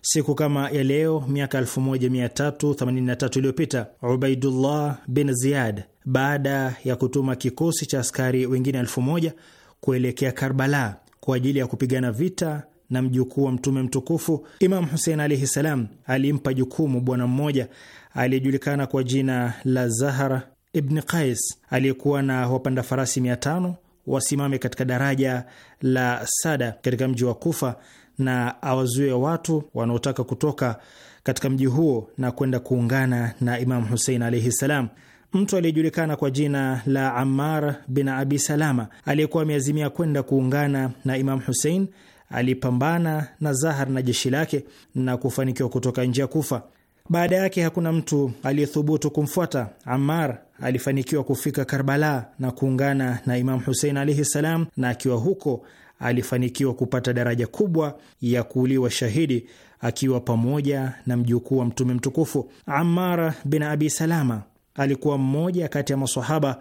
S4: Siku kama ya leo miaka 1383 iliyopita Ubaidullah bin Ziyad, baada ya kutuma kikosi cha askari wengine elfu moja kuelekea Karbala kwa ajili ya kupigana vita na mjukuu wa mtume mtukufu Imam Husein alaihi salam alimpa jukumu bwana mmoja aliyejulikana kwa jina la zahar ibni Qais aliyekuwa na wapanda farasi mia tano wasimame katika daraja la Sada katika mji wa Kufa na awazuie watu wanaotaka kutoka katika mji huo na kwenda kuungana na Imam Husein alaihi salam mtu aliyejulikana kwa jina la Ammar bin Abi Salama aliyekuwa ameazimia kwenda kuungana na Imam Hussein alipambana na Zahar na jeshi lake na kufanikiwa kutoka nje ya Kufa. Baada yake hakuna mtu aliyethubutu kumfuata. Ammar alifanikiwa kufika Karbala na kuungana na Imam husein alaihi ssalam, na akiwa huko alifanikiwa kupata daraja kubwa ya kuuliwa shahidi akiwa pamoja na mjukuu wa Mtume mtukufu. Ammar bin Abi Salama alikuwa mmoja kati ya masahaba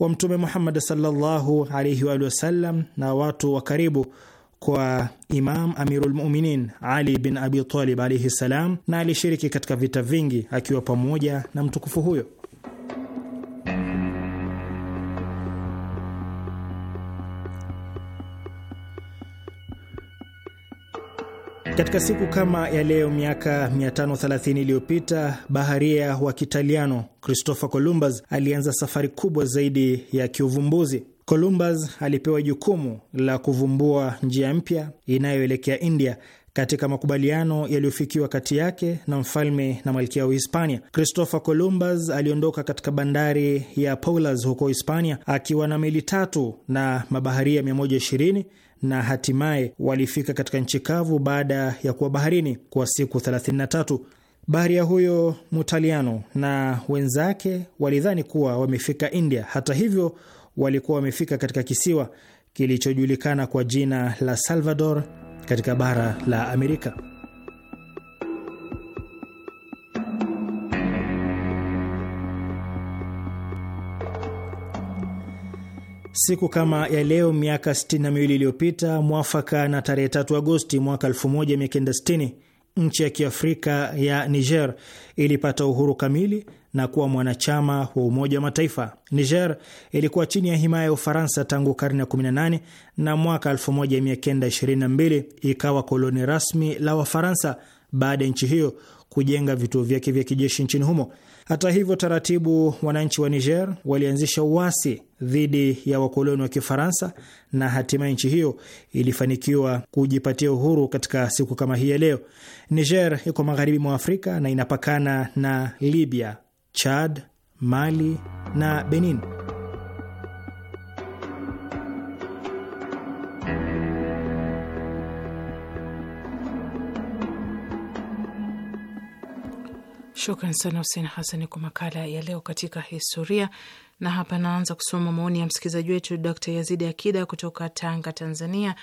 S4: wa Mtume Muhammad sallallahu alaihi wa sallam na watu wa karibu kwa Imam Amirul Muminin Ali bin Abi Talib alaihi salam, na alishiriki katika vita vingi akiwa pamoja na mtukufu huyo. Katika siku kama ya leo miaka 530 iliyopita baharia wa Kitaliano Christopher Columbus alianza safari kubwa zaidi ya kiuvumbuzi. Columbus alipewa jukumu la kuvumbua njia mpya inayoelekea India katika makubaliano yaliyofikiwa kati yake na mfalme na malkia wa Hispania. Christopher Columbus aliondoka katika bandari ya Palos huko Hispania akiwa na meli tatu na mabaharia 120 na hatimaye walifika katika nchi kavu baada ya kuwa baharini kwa siku 33. Baharia huyo Mutaliano na wenzake walidhani kuwa wamefika India. Hata hivyo, walikuwa wamefika katika kisiwa kilichojulikana kwa jina la Salvador katika bara la Amerika. Siku kama ya leo miaka 62 iliyopita, mwafaka na tarehe 3 Agosti mwaka 1960, nchi ya Kiafrika ya Niger ilipata uhuru kamili na kuwa mwanachama wa Umoja wa Mataifa. Niger ilikuwa chini ya himaya ya Ufaransa tangu karne ya 18 na mwaka 1922 ikawa koloni rasmi la Wafaransa baada ya nchi hiyo kujenga vituo vyake vya kijeshi nchini humo. Hata hivyo, taratibu wananchi wa Niger walianzisha uasi dhidi ya wakoloni wa Kifaransa na hatimaye nchi hiyo ilifanikiwa kujipatia uhuru katika siku kama hii ya leo. Niger iko magharibi mwa Afrika na inapakana na Libya, Chad, Mali na Benin.
S3: Shukran sana Hussein Hasani kwa makala ya leo katika historia. Na hapa naanza kusoma maoni ya msikilizaji wetu Dr Yazidi Akida kutoka Tanga, Tanzania.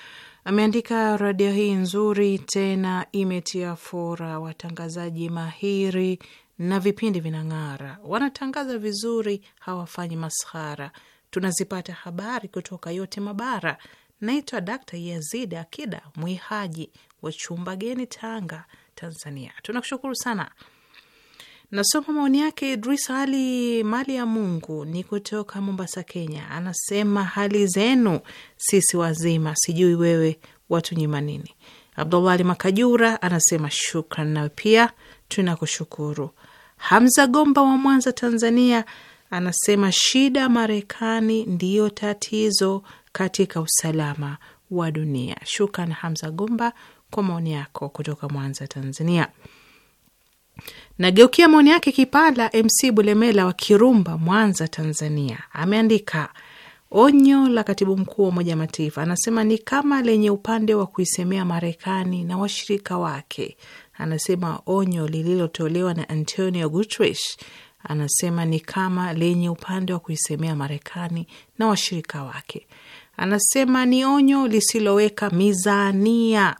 S3: Ameandika, radio hii nzuri tena imetia fora, watangazaji mahiri na vipindi vinang'ara, wanatangaza vizuri, hawafanyi maskhara, tunazipata habari kutoka yote mabara. Naitwa Dr Yazidi Akida Mwihaji wa geni Tanga, Tanzania. Tunakushukuru sana Nasoma maoni yake. Idris Ali mali ya Mungu ni kutoka Mombasa, Kenya, anasema hali zenu sisi wazima, sijui wewe watu nyima nini. Abdullah Ali Makajura anasema shukran, nawe pia tunakushukuru. Hamza Gomba wa Mwanza, Tanzania, anasema shida Marekani ndiyo tatizo katika usalama wa dunia. Shukran Hamza Gomba kwa maoni yako kutoka Mwanza, Tanzania. Nageukia maoni yake Kipala MC Bulemela wa Kirumba, Mwanza, Tanzania. Ameandika onyo la katibu mkuu wa Umoja Mataifa, anasema ni kama lenye upande wa kuisemea Marekani na washirika wake. Anasema onyo lililotolewa na Antonio Guterres anasema ni kama lenye upande wa kuisemea Marekani na washirika wake. Anasema ni onyo lisiloweka mizania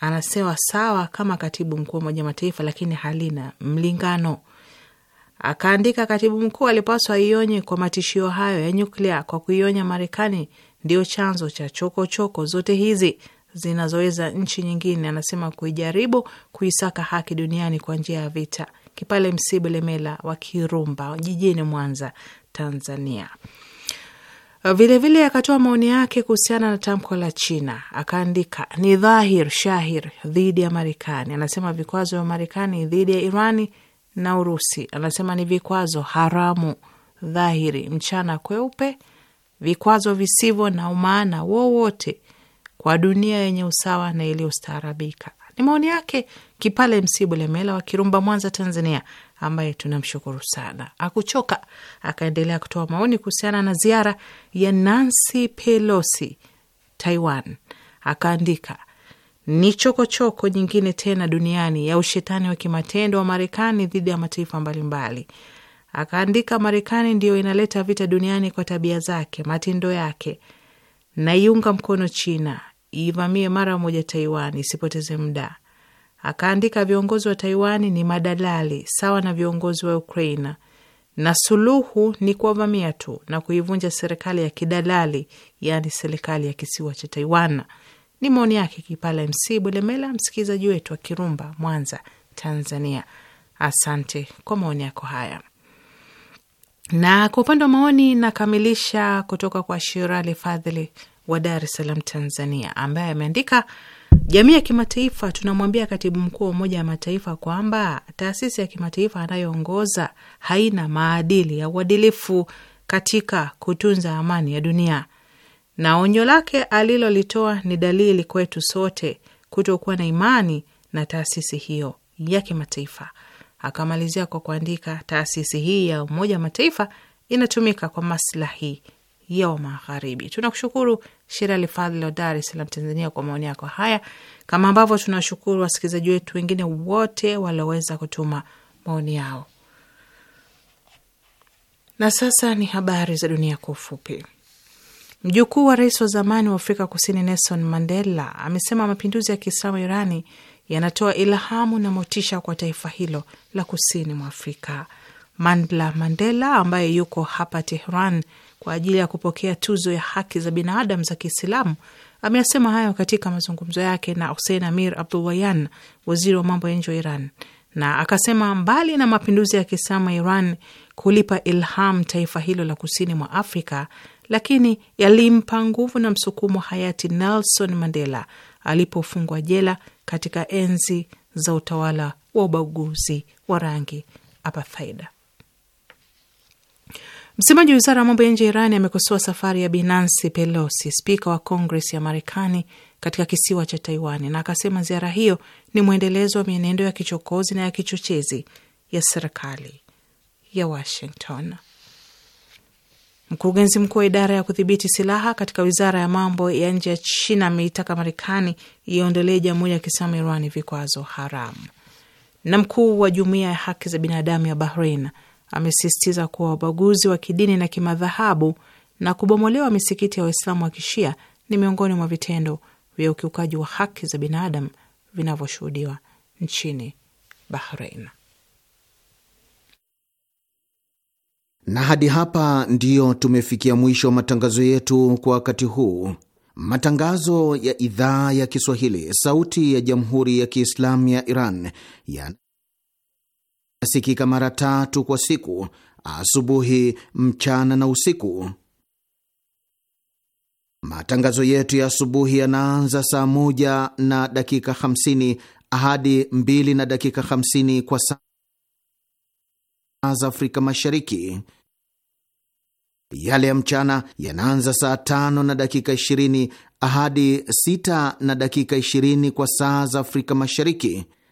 S3: anasewa sawa kama katibu mkuu wa Umoja Mataifa, lakini halina mlingano. Akaandika, katibu mkuu alipaswa aionye kwa matishio hayo ya nyuklia kwa kuionya Marekani ndio chanzo cha chokochoko choko zote hizi zinazoweza nchi nyingine, anasema kuijaribu kuisaka haki duniani kwa njia ya vita. Kipale Msibu Lemela wa Kirumba jijini Mwanza, Tanzania. Vilevile uh, akatoa maoni yake kuhusiana na tamko la China, akaandika: ni dhahir shahir dhidi ya Marekani. Anasema vikwazo vya Marekani dhidi ya Irani na Urusi, anasema ni vikwazo haramu dhahiri, mchana kweupe, vikwazo visivyo na umaana wowote kwa dunia yenye usawa na iliyostaarabika. Ni maoni yake Kipale Msibu Lemela wa Kirumba, Mwanza, Tanzania, ambaye tunamshukuru sana. Akuchoka akaendelea kutoa maoni kuhusiana na ziara ya Nancy Pelosi Taiwan, akaandika ni chokochoko choko nyingine tena duniani ya ushetani wa kimatendo wa Marekani dhidi ya mataifa mbalimbali. Akaandika, Marekani ndiyo inaleta vita duniani kwa tabia zake, matendo yake. Naiunga mkono China ivamie mara moja Taiwan, isipoteze muda. Akaandika, viongozi wa Taiwani ni madalali sawa na viongozi wa Ukraina, na suluhu ni kuwavamia tu na kuivunja serikali ya kidalali, yaani serikali ya kisiwa cha Taiwan. Ni maoni yake Kipala MC Bulemela, msikilizaji wetu wa Kirumba, Mwanza, Tanzania. Asante kwa maoni yako haya. Na kwa upande wa maoni nakamilisha kutoka kwa Shirali Fadhili wa Dar es Salaam, Tanzania, ambaye ameandika Jamii ya kimataifa tunamwambia katibu mkuu wa Umoja wa Mataifa kwamba taasisi ya kimataifa anayoongoza haina maadili ya uadilifu katika kutunza amani ya dunia, na onyo lake alilolitoa ni dalili kwetu sote kutokuwa na imani na taasisi hiyo ya kimataifa. Akamalizia kwa kuandika, taasisi hii ya Umoja wa Mataifa inatumika kwa maslahi ya Wamagharibi. Tunakushukuru Shira Lifadhilo, Dar es Salaam, Tanzania, kwa maoni yako haya, kama ambavyo tunawashukuru wasikilizaji wetu wengine wote walioweza kutuma maoni yao. Na sasa ni habari za dunia kwa ufupi. Mjukuu wa rais wa zamani wa Afrika Kusini Nelson Mandela amesema mapinduzi ya Kiislamu Irani yanatoa ilhamu na motisha kwa taifa hilo la kusini mwa Afrika. Mandla Mandela ambaye yuko hapa Tehran kwa ajili ya kupokea tuzo ya haki za binadamu za Kiislamu. Ameyasema hayo katika mazungumzo yake na Hussein Amir Abdullayan, waziri wa mambo ya nje wa Iran, na akasema mbali na mapinduzi ya Kiislamu ya Iran kulipa ilham taifa hilo la kusini mwa Afrika, lakini yalimpa nguvu na msukumo hayati Nelson Mandela alipofungwa jela katika enzi za utawala wa ubaguzi wa rangi apafaida. Msemaji wa wizara ya mambo ya nje ya Irani amekosoa safari ya Binansi Pelosi, spika wa Kongres ya Marekani, katika kisiwa cha Taiwani na akasema ziara hiyo ni mwendelezo wa mienendo ya kichokozi na ya kichochezi ya serikali ya Washington. Mkurugenzi mkuu wa idara ya kudhibiti silaha katika wizara ya mambo ya nje ya China ameitaka Marekani iondolee Jamhuri ya Kiislamu Irani vikwazo haramu. Na mkuu wa jumuiya ya haki za binadamu ya Bahrain amesisitiza kuwa ubaguzi wa kidini na kimadhahabu na kubomolewa misikiti ya Waislamu wa kishia ni miongoni mwa vitendo vya ukiukaji wa haki za binadamu vinavyoshuhudiwa nchini Bahrein.
S5: Na hadi hapa ndiyo tumefikia mwisho wa matangazo yetu kwa wakati huu. Matangazo ya idhaa ya Kiswahili, sauti ya jamhuri ya kiislamu ya Iran ya sikika mara tatu kwa siku: asubuhi, mchana na usiku. Matangazo yetu ya asubuhi yanaanza saa moja na dakika hamsini hadi mbili na dakika hamsini kwa saa za Afrika Mashariki. Yale ya mchana yanaanza saa tano na dakika ishirini hadi sita na dakika ishirini kwa saa za Afrika Mashariki